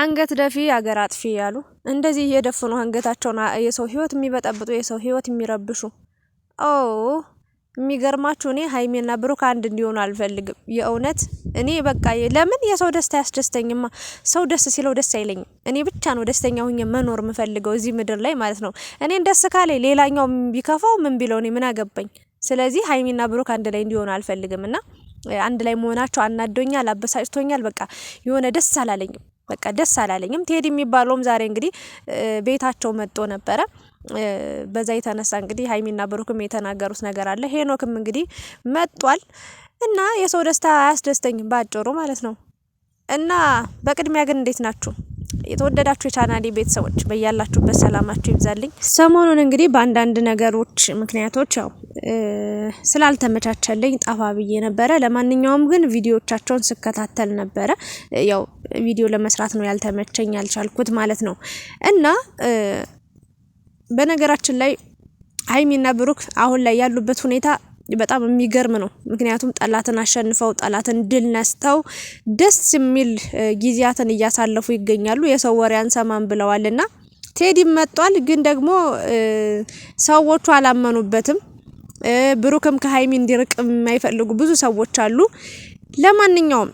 አንገት ደፊ አገር አጥፊ ያሉ እንደዚህ እየደፈኑ አንገታቸውን የሰው ህይወት የሚበጠብጡ የሰው ህይወት የሚረብሹ ኦ የሚገርማችሁ እኔ ሀይሜና ብሩክ አንድ እንዲሆኑ አልፈልግም። የእውነት እኔ በቃ ለምን የሰው ደስታ ያስደስተኝማ። ሰው ደስ ሲለው ደስ አይለኝም። እኔ ብቻ ነው ደስተኛ ሁኜ መኖር የምፈልገው እዚህ ምድር ላይ ማለት ነው። እኔን ደስ ካለኝ ሌላኛው ቢከፋው ምን ቢለው እኔ ምን አገባኝ? ስለዚህ ሀይሜና ብሩክ አንድ ላይ እንዲሆኑ አልፈልግም እና አንድ ላይ መሆናቸው አናዶኛል፣ አበሳጭቶኛል። በቃ የሆነ ደስ አላለኝም። በቃ ደስ አላለኝም። ቴዲ የሚባለውም ዛሬ እንግዲህ ቤታቸው መጦ ነበረ። በዛ የተነሳ እንግዲህ ሀይሚና ብሩክም የተናገሩት ነገር አለ። ሄኖክም እንግዲህ መጧል እና የሰው ደስታ አያስደስተኝም በአጭሩ ማለት ነው። እና በቅድሚያ ግን እንዴት ናችሁ? የተወደዳችሁ የቻናሌ ቤተሰቦች በያላችሁበት ሰላማችሁ ይብዛልኝ። ሰሞኑን እንግዲህ በአንዳንድ ነገሮች ምክንያቶች ያው ስላልተመቻቸልኝ ጠፋ ብዬ ነበረ። ለማንኛውም ግን ቪዲዮቻቸውን ስከታተል ነበረ። ያው ቪዲዮ ለመስራት ነው ያልተመቸኝ ያልቻልኩት ማለት ነው። እና በነገራችን ላይ ሀይሚና ብሩክ አሁን ላይ ያሉበት ሁኔታ በጣም የሚገርም ነው። ምክንያቱም ጠላትን አሸንፈው ጠላትን ድል ነስተው ደስ የሚል ጊዜያትን እያሳለፉ ይገኛሉ። የሰው ወሬ አንሰማም ብለዋልና ቴዲም መጧል። ግን ደግሞ ሰዎቹ አላመኑበትም። ብሩክም ከሀይሚ እንዲርቅ የማይፈልጉ ብዙ ሰዎች አሉ። ለማንኛውም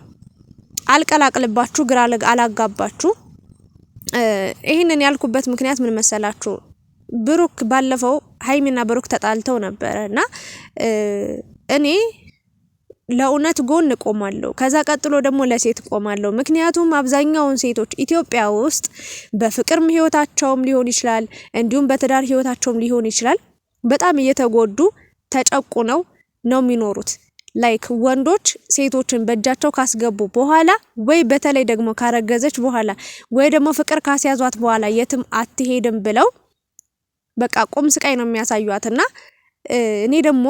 አልቀላቅልባችሁ፣ ግራ አላጋባችሁ። ይህንን ያልኩበት ምክንያት ምን መሰላችሁ? ብሩክ ባለፈው ሀይሚና ብሩክ ተጣልተው ነበረ እና እኔ ለእውነት ጎን ቆማለሁ። ከዛ ቀጥሎ ደግሞ ለሴት ቆማለሁ። ምክንያቱም አብዛኛውን ሴቶች ኢትዮጵያ ውስጥ በፍቅርም ህይወታቸውም ሊሆን ይችላል፣ እንዲሁም በትዳር ህይወታቸውም ሊሆን ይችላል በጣም እየተጎዱ ተጨቁነው ነው የሚኖሩት። ላይክ ወንዶች ሴቶችን በእጃቸው ካስገቡ በኋላ ወይ በተለይ ደግሞ ካረገዘች በኋላ ወይ ደግሞ ፍቅር ካስያዟት በኋላ የትም አትሄድም ብለው በቃ ቁም ስቃይ ነው የሚያሳዩት። እና እኔ ደግሞ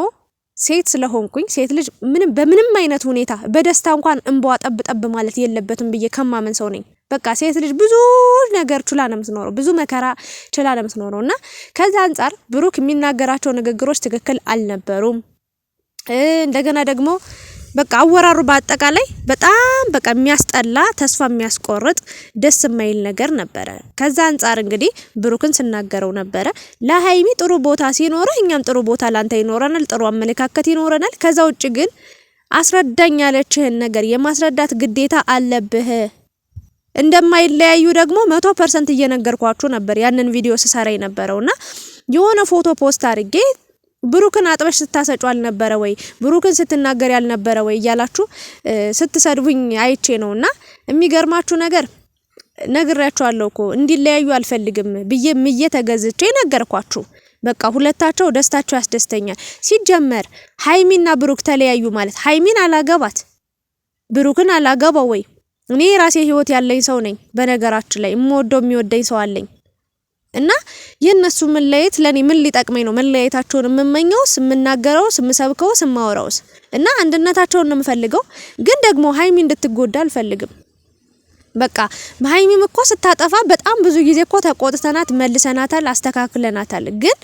ሴት ስለሆንኩኝ ሴት ልጅ ምንም በምንም አይነት ሁኔታ በደስታ እንኳን እንባዋ ጠብ ጠብ ማለት የለበትም ብዬ ከማመን ሰው ነኝ። በቃ ሴት ልጅ ብዙ ነገር ችላ ነው የምትኖረው፣ ብዙ መከራ ችላ ነው የምትኖረው እና ከዛ አንጻር ብሩክ የሚናገራቸው ንግግሮች ትክክል አልነበሩም። እንደገና ደግሞ በቃ አወራሩ በአጠቃላይ በጣም በቃ የሚያስጠላ ተስፋ የሚያስቆርጥ ደስ የማይል ነገር ነበረ። ከዛ አንጻር እንግዲህ ብሩክን ስናገረው ነበረ ለሀይሚ ጥሩ ቦታ ሲኖረ እኛም ጥሩ ቦታ ላንተ ይኖረናል፣ ጥሩ አመለካከት ይኖረናል። ከዛ ውጭ ግን አስረዳኝ ያለችህን ነገር የማስረዳት ግዴታ አለብህ። እንደማይለያዩ ደግሞ መቶ ፐርሰንት እየነገርኳችሁ ነበር ያንን ቪዲዮ ስሰራ የነበረውና የሆነ ፎቶ ፖስት አድርጌ ብሩክን አጥበሽ ስታሰጩ አልነበረ ወይ? ብሩክን ስትናገር ያልነበረ ወይ? እያላችሁ ስትሰድቡኝ አይቼ ነው። እና የሚገርማችሁ ነገር ነግሬያችኋለሁ እኮ እንዲለያዩ አልፈልግም ብዬ ምዬ ተገዝቼ ነገርኳችሁ። በቃ ሁለታቸው ደስታቸው ያስደስተኛል። ሲጀመር ሀይሚና ብሩክ ተለያዩ ማለት ሀይሚን አላገባት ብሩክን አላገባው ወይ? እኔ የራሴ ህይወት ያለኝ ሰው ነኝ። በነገራችን ላይ የምወደው የሚወደኝ ሰው አለኝ። እና የእነሱ መለየት ለእኔ ምን ሊጠቅመኝ ነው? መለያየታቸውን የምመኘውስ የምናገረውስ የምሰብከውስ የማወራውስ እና አንድነታቸውን ነው የምፈልገው። ግን ደግሞ ሀይሚ እንድትጎዳ አልፈልግም። በቃ በሀይሚም እኮ ስታጠፋ በጣም ብዙ ጊዜ እኮ ተቆጥተናት መልሰናታል፣ አስተካክለናታል። ግን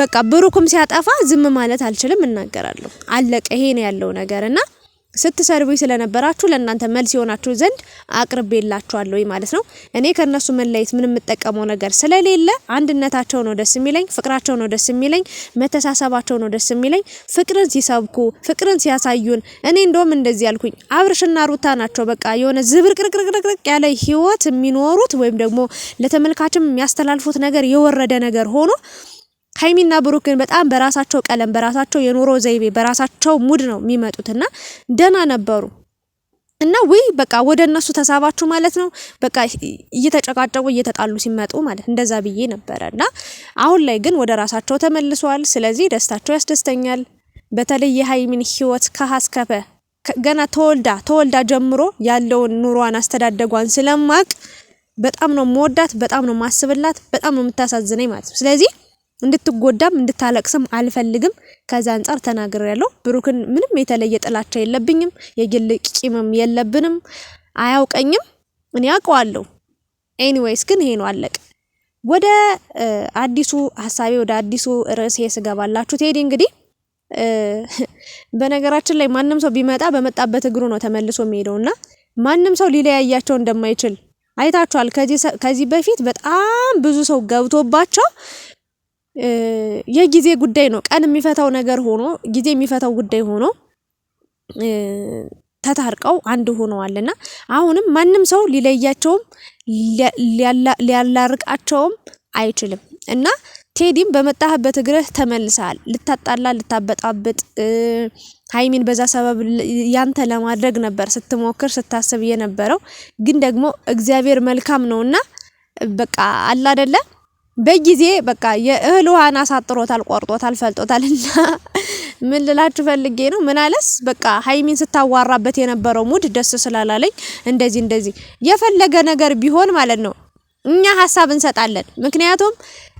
በቃ ብሩክም ሲያጠፋ ዝም ማለት አልችልም፣ እናገራለሁ። አለቀ። ይሄ ነው ያለው ነገር እና ስትሰርቡኝ ስለነበራችሁ ለእናንተ መልስ የሆናችሁ ዘንድ አቅርቤላችኋለሁ ማለት ነው። እኔ ከእነሱ መለየት ምን የምጠቀመው ነገር ስለሌለ አንድነታቸው ነው ደስ የሚለኝ፣ ፍቅራቸው ነው ደስ የሚለኝ፣ መተሳሰባቸው ነው ደስ የሚለኝ። ፍቅርን ሲሰብኩ፣ ፍቅርን ሲያሳዩን እኔ እንደውም እንደዚህ ያልኩኝ አብርሽና ሩታ ናቸው። በቃ የሆነ ዝብርቅርቅርቅርቅ ያለ ህይወት የሚኖሩት ወይም ደግሞ ለተመልካችም የሚያስተላልፉት ነገር የወረደ ነገር ሆኖ ሀይሚና ብሩክ ግን በጣም በራሳቸው ቀለም፣ በራሳቸው የኑሮ ዘይቤ፣ በራሳቸው ሙድ ነው የሚመጡትና ደህና ነበሩ እና ውይ በቃ ወደ እነሱ ተሳባችሁ ማለት ነው። በቃ እየተጨቃጨቁ እየተጣሉ ሲመጡ ማለት እንደዛ ብዬ ነበረ እና አሁን ላይ ግን ወደ ራሳቸው ተመልሰዋል። ስለዚህ ደስታቸው ያስደስተኛል። በተለይ የሀይሚን ህይወት ከሀስከፈ ገና ተወልዳ ተወልዳ ጀምሮ ያለውን ኑሯን አስተዳደጓን ስለማቅ በጣም ነው መወዳት፣ በጣም ነው ማስብላት፣ በጣም ነው የምታሳዝነኝ ማለት ነው። ስለዚህ እንድትጎዳም እንድታለቅስም አልፈልግም። ከዛ አንጻር ተናግሬ ያለው ብሩክን ምንም የተለየ ጥላቻ የለብኝም፣ የግል ቂምም የለብንም። አያውቀኝም፣ እኔ አውቀዋለሁ። ኤኒዌይስ ግን ይሄ ነው አለቅ። ወደ አዲሱ ሀሳቤ ወደ አዲሱ ርዕስ ስገባላችሁ ቴዲ እንግዲህ በነገራችን ላይ ማንም ሰው ቢመጣ በመጣበት እግሩ ነው ተመልሶ የሚሄደው እና ማንም ሰው ሊለያያቸው እንደማይችል አይታችኋል። ከዚህ በፊት በጣም ብዙ ሰው ገብቶባቸው የጊዜ ጉዳይ ነው። ቀን የሚፈታው ነገር ሆኖ ጊዜ የሚፈታው ጉዳይ ሆኖ ተታርቀው አንድ ሆነዋል አሁንም ማንም ሰው ሊለያቸውም ሊያላርቃቸውም አይችልም እና ቴዲም በመጣህበት እግርህ ተመልሰሃል። ልታጣላ ልታበጣብጥ ሀይሚን በዛ ሰበብ ያንተ ለማድረግ ነበር ስትሞክር ስታስብ የነበረው ግን ደግሞ እግዚአብሔር መልካም ነውና በቃ አላደለ በጊዜ በቃ የእህል ውሃን አሳጥሮታል፣ ቆርጦታል፣ ፈልጦታል። እና ምን ልላችሁ ፈልጌ ነው ምናለስ በቃ ሀይሚን ስታዋራበት የነበረው ሙድ ደስ ስላላለኝ እንደዚህ እንደዚህ የፈለገ ነገር ቢሆን ማለት ነው እኛ ሀሳብ እንሰጣለን። ምክንያቱም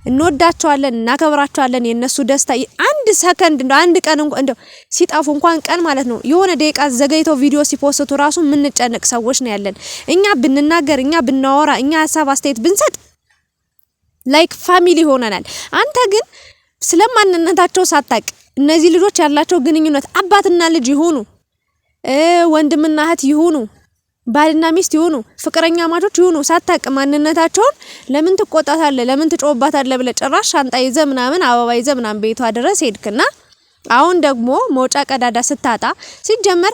እንወዳቸዋለን፣ እናከብራቸዋለን። የእነሱ ደስታ አንድ ሰከንድ እንደው አንድ ቀን እንደው ሲጠፉ እንኳን ቀን ማለት ነው የሆነ ደቂቃ ዘገይተው ቪዲዮ ሲፖስቱ ራሱ የምንጨነቅ ሰዎች ነው ያለን። እኛ ብንናገር፣ እኛ ብናወራ፣ እኛ ሀሳብ አስተያየት ብንሰጥ ላይክ ፋሚሊ ሆነናል። አንተ ግን ስለማንነታቸው ሳታቅ እነዚህ ልጆች ያላቸው ግንኙነት አባትና ልጅ ይሆኑ፣ ወንድምና እህት ይሆኑ፣ ባልና ሚስት ይሆኑ፣ ፍቅረኛ ማቾች ይሆኑ ሳታቅ ማንነታቸውን ለምን ትቆጣታለ ለምን ትጮባታለ ብለ ጭራሽ ሻንጣ ይዘ ምናምን አበባ ይዘህ ምናምን ቤቷ ድረስ ሄድክና አሁን ደግሞ መውጫ ቀዳዳ ስታጣ ሲጀመር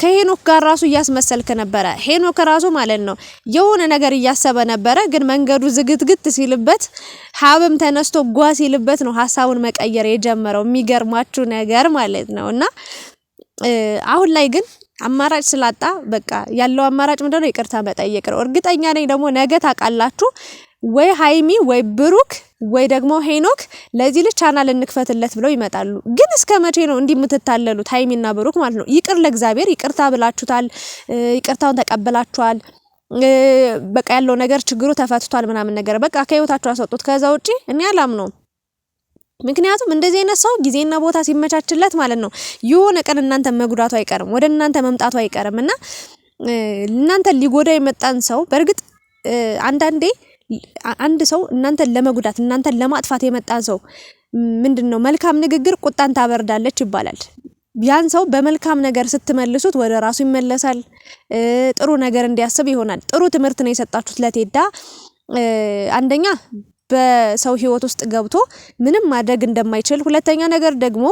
ከሄኖክ ጋር ራሱ እያስመሰልክ ነበረ። ሄኖክ ራሱ ማለት ነው የሆነ ነገር እያሰበ ነበረ፣ ግን መንገዱ ዝግትግት ሲልበት ሀብም ተነስቶ ጓ ሲልበት ነው ሀሳቡን መቀየር የጀመረው። የሚገርማችሁ ነገር ማለት ነው እና አሁን ላይ ግን አማራጭ ስላጣ በቃ ያለው አማራጭ ምንድነው? ይቅርታ መጠየቅ ነው። እርግጠኛ ነኝ ደግሞ ነገ ታውቃላችሁ ወይ ሀይሚ ወይ ብሩክ ወይ ደግሞ ሄኖክ ለዚህ ልጅ ቻናል እንክፈትለት ብለው ይመጣሉ። ግን እስከ መቼ ነው እንዲህ የምትታለሉት? ሀይሚና ብሩክ ማለት ነው። ይቅር ለእግዚአብሔር ይቅርታ ብላችሁታል፣ ይቅርታውን ተቀብላችኋል። በቃ ያለው ነገር ችግሩ ተፈትቷል ምናምን ነገር በቃ ከህይወታችሁ አስወጡት። ከዛ ውጪ እኔ አላምነውም። ምክንያቱም እንደዚህ አይነት ሰው ጊዜና ቦታ ሲመቻችለት ማለት ነው የሆነ ቀን እናንተ መጉዳቱ አይቀርም፣ ወደ እናንተ መምጣቱ አይቀርም እና እናንተ ሊጎዳ የመጣን ሰው በእርግጥ አንዳንዴ አንድ ሰው እናንተን ለመጉዳት እናንተን ለማጥፋት የመጣ ሰው ምንድን ነው መልካም ንግግር ቁጣን ታበርዳለች ይባላል። ያን ሰው በመልካም ነገር ስትመልሱት ወደ ራሱ ይመለሳል። ጥሩ ነገር እንዲያስብ ይሆናል። ጥሩ ትምህርት ነው የሰጣችሁት ለቴዳ። አንደኛ በሰው ህይወት ውስጥ ገብቶ ምንም ማድረግ እንደማይችል፣ ሁለተኛ ነገር ደግሞ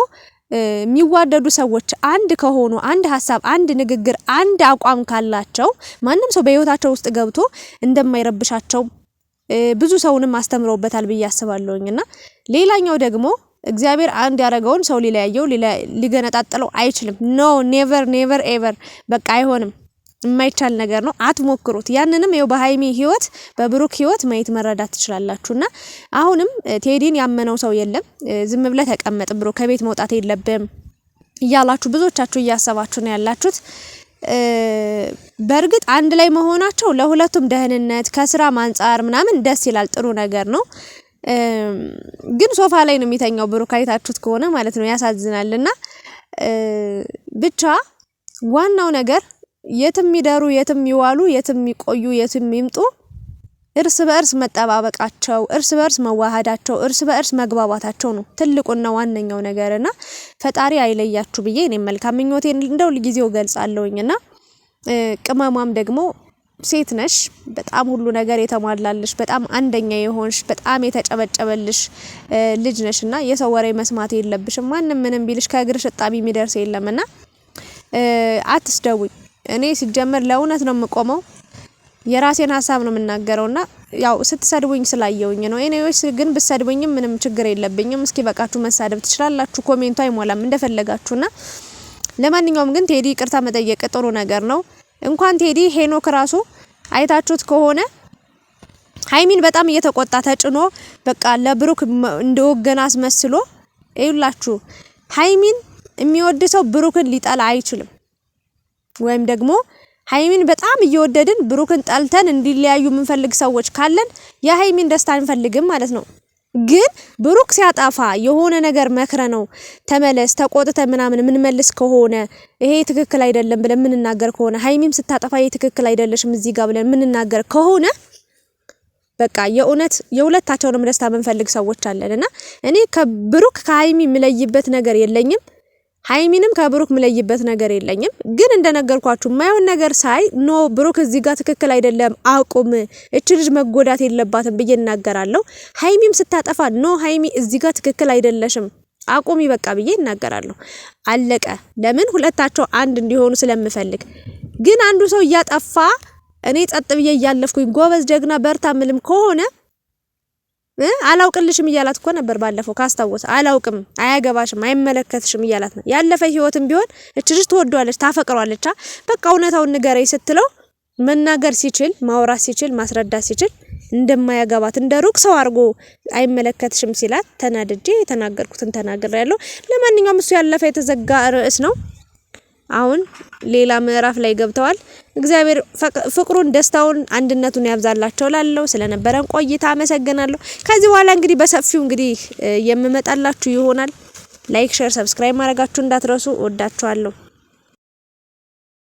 የሚዋደዱ ሰዎች አንድ ከሆኑ አንድ ሀሳብ፣ አንድ ንግግር፣ አንድ አቋም ካላቸው ማንም ሰው በህይወታቸው ውስጥ ገብቶ እንደማይረብሻቸው ብዙ ሰውንም አስተምረውበታል ብዬ አስባለሁኝ። እና ሌላኛው ደግሞ እግዚአብሔር አንድ ያደረገውን ሰው ሊለያየው ሊገነጣጥለው አይችልም። ኖ ኔቨር ኔቨር ኤቨር በቃ አይሆንም። የማይቻል ነገር ነው። አትሞክሩት። ያንንም ይኸው በሀይሚ ህይወት በብሩክ ህይወት ማየት መረዳት ትችላላችሁ። እና አሁንም ቴዲን ያመነው ሰው የለም። ዝም ብለ ተቀመጥ ብሮ ከቤት መውጣት የለብም እያላችሁ ብዙዎቻችሁ እያሰባችሁ ነው ያላችሁት። በእርግጥ አንድ ላይ መሆናቸው ለሁለቱም ደህንነት ከስራ አንጻር ምናምን ደስ ይላል፣ ጥሩ ነገር ነው። ግን ሶፋ ላይ ነው የሚተኛው ብሩክ አይታችሁት ከሆነ ማለት ነው። ያሳዝናል። እና ብቻ ዋናው ነገር የትም ይደሩ፣ የትም ይዋሉ፣ የትም ይቆዩ፣ የትም ይምጡ እርስ በእርስ መጠባበቃቸው፣ እርስ በእርስ መዋሃዳቸው፣ እርስ በእርስ መግባባታቸው ነው ትልቁና ዋነኛው ነገርና ፈጣሪ አይለያችሁ ብዬ እኔም መልካም ምኞቴን እንደው ጊዜው ገልጻለሁኝና ቅመሟም ደግሞ ሴት ነሽ፣ በጣም ሁሉ ነገር የተሟላልሽ፣ በጣም አንደኛ የሆንሽ፣ በጣም የተጨበጨበልሽ ልጅ ነሽ እና የሰው ወሬ መስማት የለብሽም። ማንም ምንም ቢልሽ ከእግርሽ እጣቢ የሚደርስ እና አትስደውኝ። እኔ ሲጀምር ለእውነት ነው የምቆመው። የራሴን ሀሳብ ነው የምናገረው እና ያው ስትሰድቡኝ ስላየውኝ ነው። ኤኔዎች ግን ብሰድቡኝም ምንም ችግር የለብኝም። እስኪ በቃችሁ መሳደብ ትችላላችሁ። ኮሜንቱ አይሞላም እንደፈለጋችሁና ለማንኛውም ግን ቴዲ ይቅርታ መጠየቅ ጥሩ ነገር ነው። እንኳን ቴዲ ሄኖክ ራሱ አይታችሁት ከሆነ ሀይሚን በጣም እየተቆጣ ተጭኖ በቃ ለብሩክ እንደወገን አስመስሎ ይውላችሁ። ሀይሚን የሚወድ ሰው ብሩክን ሊጠላ አይችልም። ወይም ደግሞ ሀይሚን በጣም እየወደድን ብሩክን ጠልተን እንዲለያዩ የምንፈልግ ሰዎች ካለን የሀይሚን ደስታ አንፈልግም ማለት ነው። ግን ብሩክ ሲያጠፋ የሆነ ነገር መክረ ነው ተመለስ ተቆጥተ ምናምን የምንመልስ ከሆነ ይሄ ትክክል አይደለም ብለን የምንናገር ከሆነ ሀይሚም ስታጠፋ ይሄ ትክክል አይደለሽም እዚህ ጋር ብለን የምንናገር ከሆነ በቃ የእውነት የሁለታቸውንም ደስታ የምንፈልግ ሰዎች አለን እና እኔ ከብሩክ ከሀይሚ የምለይበት ነገር የለኝም። ሀይሚንም ከብሩክ ምለይበት ነገር የለኝም። ግን እንደነገርኳችሁ ማየውን ነገር ሳይ ኖ ብሩክ እዚህ ጋር ትክክል አይደለም፣ አቁም፣ እች ልጅ መጎዳት የለባትም ብዬ እናገራለሁ። ሀይሚም ስታጠፋ ኖ ሀይሚ እዚህ ጋር ትክክል አይደለሽም፣ አቁሚ በቃ ብዬ እናገራለሁ። አለቀ። ለምን ሁለታቸው አንድ እንዲሆኑ ስለምፈልግ። ግን አንዱ ሰው እያጠፋ እኔ ጸጥ ብዬ እያለፍኩኝ ጎበዝ፣ ጀግና፣ በርታ ምልም ከሆነ አላውቅልሽም እያላት እኮ ነበር ባለፈው ካስታወሰ። አላውቅም፣ አያገባሽም፣ አይመለከትሽም እያላት ነው። ያለፈ ህይወትም ቢሆን እች ልጅ ትወዷለች፣ ታፈቅሯለች። በቃ እውነታውን ንገረኝ ስትለው መናገር ሲችል ማውራት ሲችል ማስረዳት ሲችል እንደማያገባት እንደ ሩቅ ሰው አድርጎ አይመለከትሽም ሲላት ተናድጄ የተናገርኩትን ተናግሬያለሁ። ለማንኛውም እሱ ያለፈ የተዘጋ ርዕስ ነው። አሁን ሌላ ምዕራፍ ላይ ገብተዋል። እግዚአብሔር ፍቅሩን፣ ደስታውን፣ አንድነቱን ያብዛላቸው። ላለው ስለነበረን ቆይታ አመሰግናለሁ። ከዚህ በኋላ እንግዲህ በሰፊው እንግዲህ የምመጣላችሁ ይሆናል። ላይክ፣ ሼር፣ ሰብስክራይብ ማድረጋችሁ እንዳትረሱ። ወዳችኋለሁ።